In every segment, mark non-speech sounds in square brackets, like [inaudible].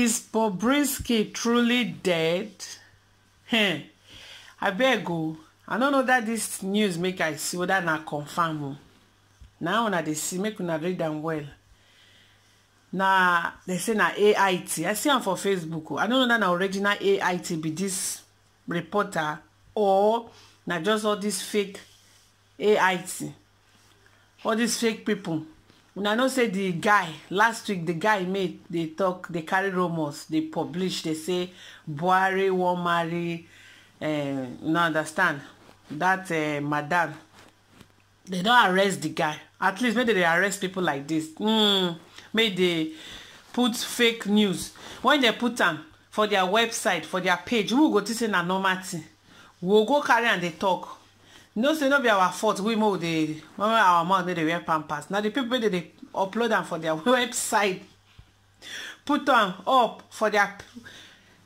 Is Bobrinsky truly dead? Heh. I beg o. I don't know that this news make I see whether na confirm o. Na una dey see make una read them well. Na they say na AIT. I see am for Facebook I don't know that na original AIT be this reporter or na just all this fake AIT. All these fake people una know say the guy last week The guy make dey talk. dey carry rumours dey publish dey say buhari wan marry eh, no understand dat eh, madam dem don arrest the guy at least make dem dey arrest people like this. mm, make dey put fake news When dem put am for their website for their page who go think say na normal tin we go carry am dey talk. No, know say no be our fault we move the when our mouth no dey wear pampers Now the people they dey upload them for their [laughs] website put them up for their.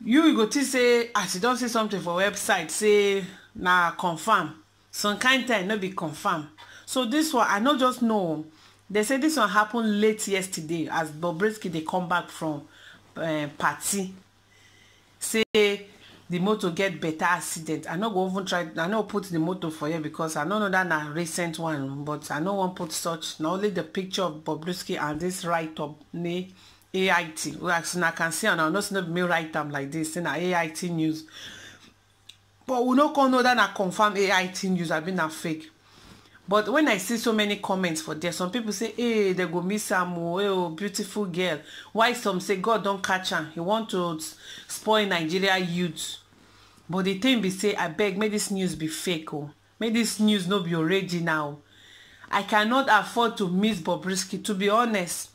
you go to say as you don't see something for website say na confirm. some kind time no be confam so this one i not just know they say this one happened late yesterday as bobrisky they come back from eh, party say the motor get better accident i no go even try i no put the motor for here because i no know that na recent one but i no wan put such na only the picture of bobrisky and this write up na ait well as una can see una no say no be me write am like this say na ait news but we no come know that na confam ait news abi na fake but when i see so many comments for there some people say hey eh, they go miss am o hey eh, o beautiful girl while some say god don catch am he want to spoil nigeria youth but the tin be say I beg, make this news be fake oh! make this news no be already now. i cannot afford to miss bobrisky to be honest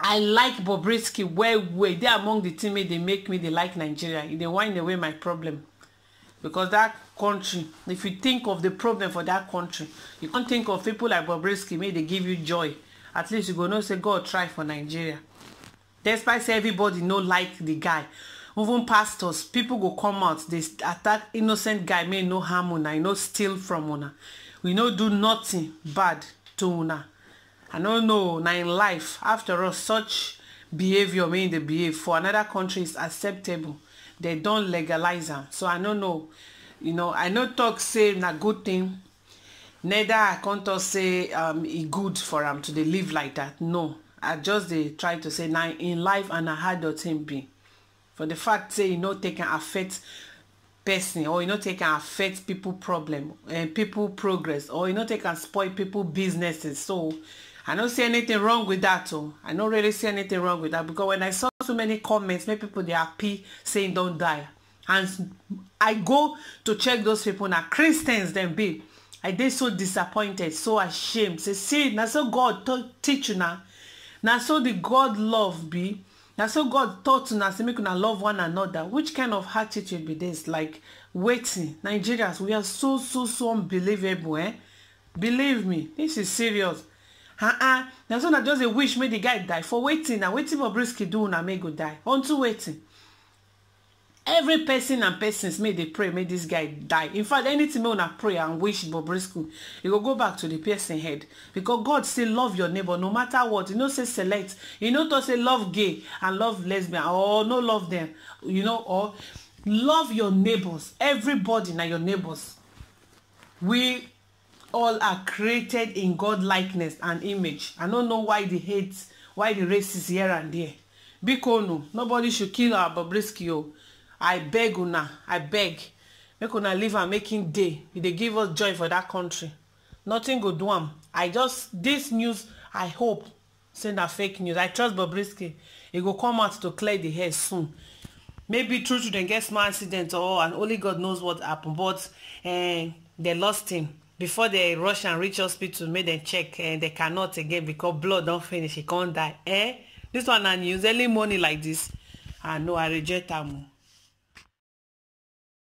i like bobrisky well well They among the team they make me they like nigeria They wind away my problem because that country if you think of the problem for that country you can't think of people like bobrisky May they give you joy at least you go no say god try for nigeria despite say everybody no like the guy even pastors people go come out They attack innocent guy May no harm una e no steal from una we no do nothing bad to una i no know now in life after all such behavior may they behave for another country is acceptable They don't legalize am so i no know you know i no talk say na good thing neither i can't talk say it um, e good for them to dey live like that no i just they try to say now in life and na how the thing be for the fact say you e no take can affect person or you e no take can affect people problem and eh, people progress or you e no take can spoil people businesses so i no see anything wrong with that o oh. i no really see anything wrong with that because when i saw so many comments make people dey happy saying don die and i go to check those people na christians dem be i dey so disappointed so ashamed say see na so god teach una na so the god love be na so god taught una say make una love one another which kind of attitude be this like waiting nigerians we are so so so unbelievable eh believe me this is serious uh-uh. na so na just a wish make the guy die for waiting na wetin Bobrisky do una make go die unto waiting every person and persons may they pray may this guy die in fact anything may una pray and wish Bobrisky you go go back to the piercing head because God still love your neighbor no matter what you no know, say select you no know, talk say love gay and love lesbian or no love them you know or love your neighbors everybody now your neighbors we all are created in God likeness and image i don't know why the hate why the racism here and there biko no nobody should kill our Bobrisky Oh i beg una i beg make una leave am making day dey e dey give us joy for dat country nothing go do am i just dis news i hope say na fake news i trust bobrisky e go come out to clear di hair soon maybe true true dem get small accident or and only god knows what happen but eh, dem lost him before dem rush am reach hospital make dem check eh, dem cannot again because blood don finish e con die eh dis one na news early morning like dis i ah, know i reject am o